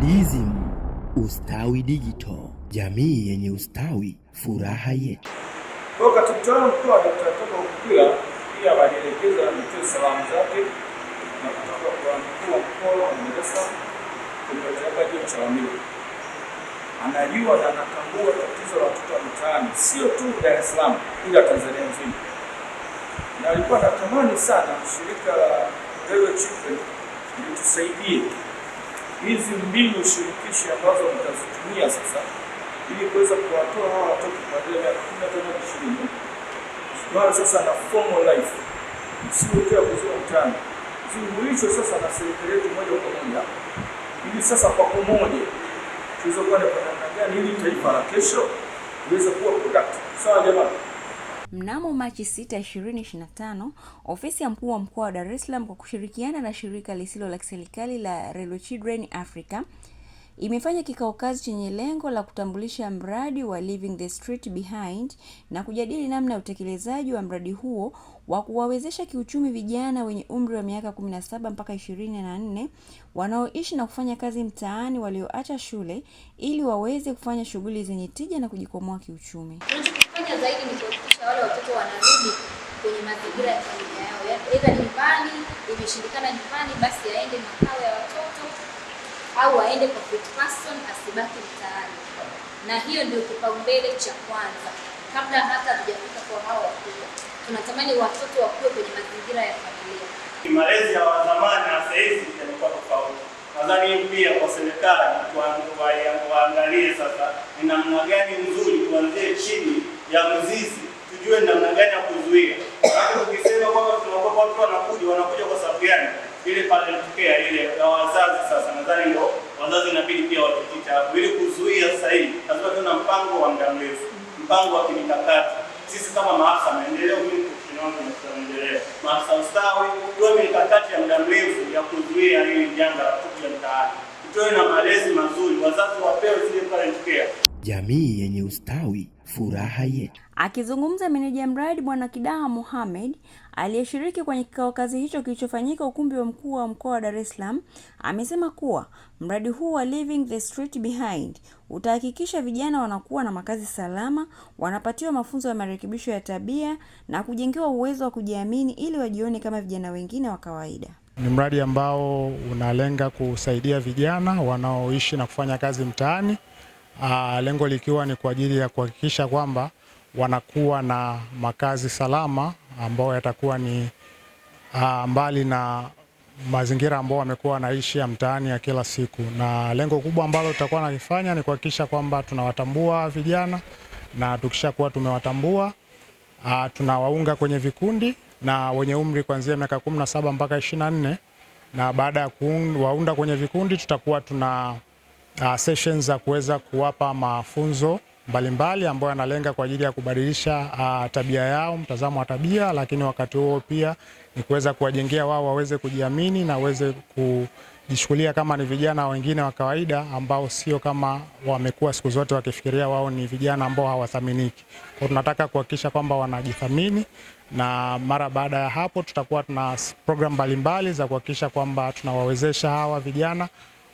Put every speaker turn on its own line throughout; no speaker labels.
DSM Ustawi Digital, jamii yenye ustawi, furaha yetu.
Kwa katibu mkuu wa Dkt. Toka Humpila pia alielekeza mtoe salamu zake na kutoka kwa mkuu wa mkoa wa madarasa kumtaja Chalamila. Anajua na anatambua tatizo la watoto wa mitaani sio tu Dar es Salaam, ila Tanzania nzima, na alikuwa anatamani sana shirika la Children litusaidie hizi mbinu shirikishi ambazo mtazitumia sasa ili kuweza kuwatoa hawa watoto kuanzia miaka kumi na tano ishirini mara sasa na formal life, msiwekea kuzua utani, zungulishwe sasa na serikali yetu moja kwa moja, ili sasa kwa pamoja tuweze kuona kwa namna gani ili taifa la kesho liweze kuwa productive. Sawa jamani.
Mnamo Machi 6, 2025, ofisi ya mkuu wa mkoa wa Dar es Salaam kwa kushirikiana na shirika lisilo la kiserikali la Relo Children Africa imefanya kikao kazi chenye lengo la kutambulisha mradi wa Leaving the Street Behind na kujadili namna ya utekelezaji wa mradi huo wa kuwawezesha kiuchumi vijana wenye umri wa miaka 17 mpaka 24 wanaoishi na kufanya kazi mtaani walioacha shule ili waweze kufanya shughuli zenye tija na kujikomoa kiuchumi
kuhakikisha wale watoto wanarudi kwenye mazingira ya familia yao, aidha yaani, nyumbani, imeshindikana nyumbani, basi aende makao ya watoto au aende kwa fit person, asibaki mtaani. Na hiyo ndio kipaumbele cha kwanza, kabla hata hatujafika kwa hao wakubwa. Tunatamani watoto wakuwe kwenye mazingira ya familia.
Malezi ya wazamani na sasa hivi yamekuwa tofauti. Nadhani pia kwa serikali waangalie sasa ni namna gani nzuri, tuanzie chini ya mzizi tujue namna gani ya kuzuia. Hata tukisema kwamba tunaogopa watu wanakuja, wanakuja kwa sababu gani? Ile pale tokea ile na wazazi. Sasa nadhani ndio wazazi inabidi pia watitita hapo, ili kuzuia. Sasa hivi lazima tuna mpango wa muda mrefu, mpango wa kimikakati. Sisi kama maafisa maendeleo, mimi professional maendeleo, maafisa ustawi, tuwe mikakati ya muda mrefu ya kuzuia hili janga la kuja mtaani, tutoe na malezi mazuri, wazazi wapewe zile parent care.
Jamii yenye ustawi, furaha yetu.
Akizungumza meneja mradi Bwana kidawa Mohamed aliyeshiriki kwenye kikao kazi hicho kilichofanyika ukumbi wa mkuu wa mkoa wa Dar es Salaam amesema kuwa mradi huu wa Leaving the Street Behind utahakikisha vijana wanakuwa na makazi salama, wanapatiwa mafunzo ya marekebisho ya tabia na kujengewa uwezo wa kujiamini ili wajione kama vijana wengine wa kawaida.
Ni mradi ambao unalenga kusaidia vijana wanaoishi na kufanya kazi mtaani, lengo likiwa ni kwa ajili ya kuhakikisha kwamba wanakuwa na makazi salama ambao yatakuwa ni uh, mbali na mazingira ambao wamekuwa wanaishi ya mtaani ya kila siku, na lengo kubwa ambalo tutakuwa nalifanya ni kuhakikisha kwamba tunawatambua vijana, na tukishakuwa tumewatambua uh, tunawaunga kwenye vikundi na wenye umri kuanzia miaka saba mpaka 24, na baada ya kuwaunda kwenye vikundi tutakuwa tuna uh, sessions za kuweza kuwapa mafunzo mbalimbali ambayo yanalenga kwa ajili ya kubadilisha uh, tabia yao, mtazamo wa tabia, lakini wakati huo pia ni kuweza kuwajengea wao waweze kujiamini na waweze kujishughulia kama ni vijana wengine wa kawaida ambao sio kama wamekuwa siku zote wakifikiria wao ni vijana ambao hawathaminiki. Kwa tunataka kuhakikisha kwamba wanajithamini, na mara baada ya hapo tutakuwa tuna program mbalimbali za kuhakikisha kwamba tunawawezesha hawa vijana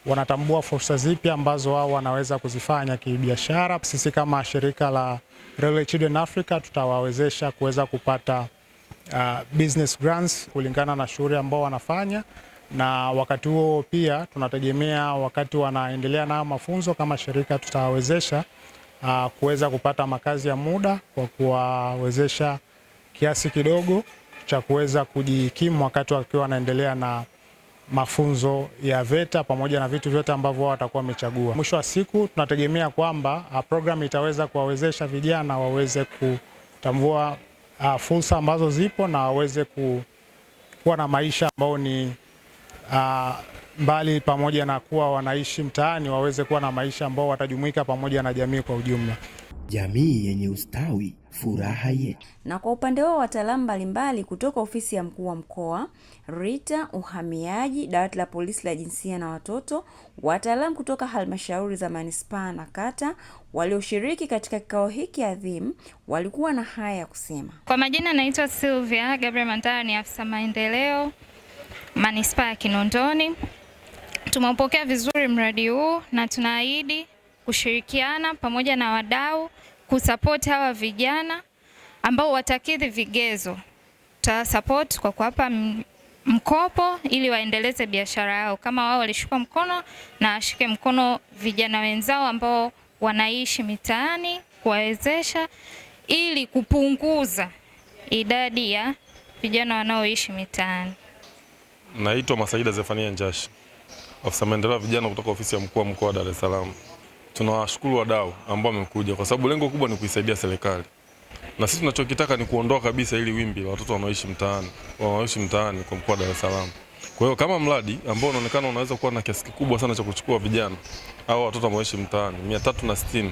wanatambua fursa zipi ambazo wao wanaweza kuzifanya kibiashara. Sisi kama shirika la Railway Children Africa tutawawezesha kuweza kupata uh, business grants kulingana na shughuli ambao wanafanya, na wakati huo pia tunategemea wakati wanaendelea nayo mafunzo kama shirika tutawawezesha uh, kuweza kupata makazi ya muda kwa kuwawezesha kiasi kidogo cha kuweza kujikimu wakati wakiwa wanaendelea na mafunzo ya VETA pamoja na vitu vyote ambavyo wao watakuwa wamechagua. Mwisho wa siku, tunategemea kwamba uh, program itaweza kuwawezesha vijana waweze kutambua uh, fursa ambazo zipo na waweze kuwa na maisha ambayo ni uh, mbali pamoja na kuwa wanaishi mtaani, waweze kuwa na maisha ambao watajumuika pamoja na jamii kwa ujumla.
Jamii yenye ustawi furaha yetu.
Na kwa upande wao wataalamu mbalimbali kutoka ofisi ya mkuu wa mkoa, RITA, uhamiaji, dawati la polisi la jinsia na watoto, wataalamu kutoka halmashauri za manispaa na kata walioshiriki katika kikao hiki adhimu walikuwa na haya ya kusema.
Kwa majina, naitwa Sylvia Gabriel Mandara, ni afisa maendeleo manispaa ya Kinondoni. Tumeupokea vizuri mradi huu na tunaahidi kushirikiana pamoja na wadau kusapoti hawa vijana ambao watakidhi vigezo. Tutawasapoti kwa kuwapa mkopo ili waendeleze biashara yao, kama wao walishuka mkono na ashike mkono vijana wenzao ambao wanaishi mitaani, kuwawezesha ili kupunguza idadi ya vijana wanaoishi mitaani.
Naitwa Masaida Zefania Njashi, afisa maendeleo ya vijana kutoka ofisi ya mkuu wa mkoa wa Dar es Salaam tunawashukuru wadau ambao wamekuja, kwa sababu lengo kubwa ni kuisaidia serikali, na sisi tunachokitaka ni kuondoa kabisa ili wimbi la watoto wanaoishi mtaani wanaoishi mtaani kwa mkoa wa Dar es Salaam. Kwa hiyo kama mradi ambao unaonekana unaweza kuwa na kiasi kikubwa sana cha kuchukua vijana au watoto wanaoishi mtaani 360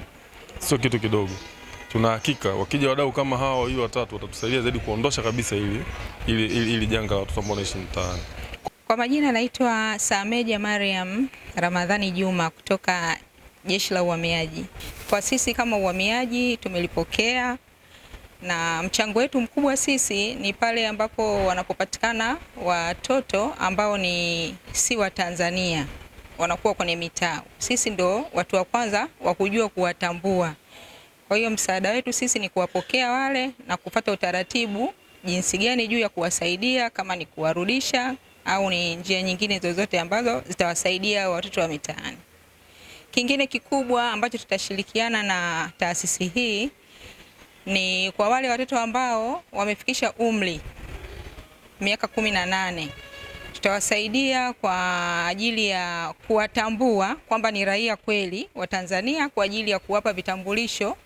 sio kitu kidogo. Tuna hakika wakija wadau kama hawa wawili watatu watatusaidia zaidi kuondosha kabisa ili, ili, ili, ili janga la watoto ambao wanaishi mtaani.
Kwa majina naitwa Sameja Mariam Ramadhani Juma kutoka Jeshi la Uhamiaji. Kwa sisi kama uhamiaji tumelipokea na mchango wetu mkubwa sisi ni pale ambapo wanapopatikana watoto ambao ni si wa Tanzania wanakuwa kwenye mitaa, sisi ndo watu wa kwanza wa kujua kuwatambua. Kwa hiyo msaada wetu sisi ni kuwapokea wale na kupata utaratibu jinsi gani juu ya kuwasaidia, kama ni kuwarudisha au ni njia nyingine zozote ambazo zitawasaidia watoto wa mitaani. Kingine kikubwa ambacho tutashirikiana na taasisi hii ni kwa wale watoto ambao wamefikisha umri miaka kumi na nane tutawasaidia kwa ajili ya kuwatambua kwamba ni raia kweli wa Tanzania kwa ajili ya kuwapa vitambulisho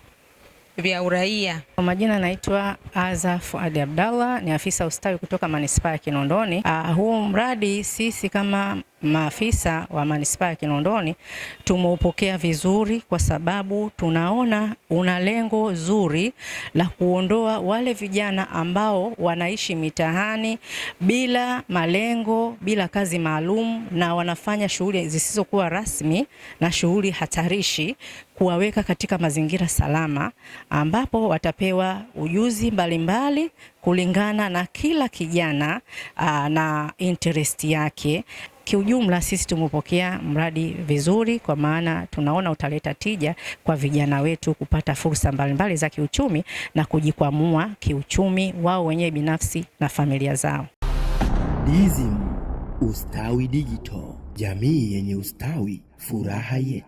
vya uraia.
Kwa majina naitwa Aza Fuadi Abdallah, ni afisa ustawi kutoka manispaa ya Kinondoni. Uh, ah, huu mradi sisi kama maafisa wa manispaa ya Kinondoni tumeupokea vizuri, kwa sababu tunaona una lengo zuri la kuondoa wale vijana ambao wanaishi mitaani bila malengo, bila kazi maalum, na wanafanya shughuli zisizokuwa rasmi na shughuli hatarishi, kuwaweka katika mazingira salama, ambapo watapewa ujuzi mbalimbali mbali, kulingana na kila kijana aa, ah, na interest yake kiujumla sisi tumepokea mradi vizuri, kwa maana tunaona utaleta tija kwa vijana wetu kupata fursa mbalimbali za kiuchumi na kujikwamua kiuchumi wao wenyewe binafsi na familia zao. DSM Ustawi Digital, jamii yenye ustawi, furaha yetu.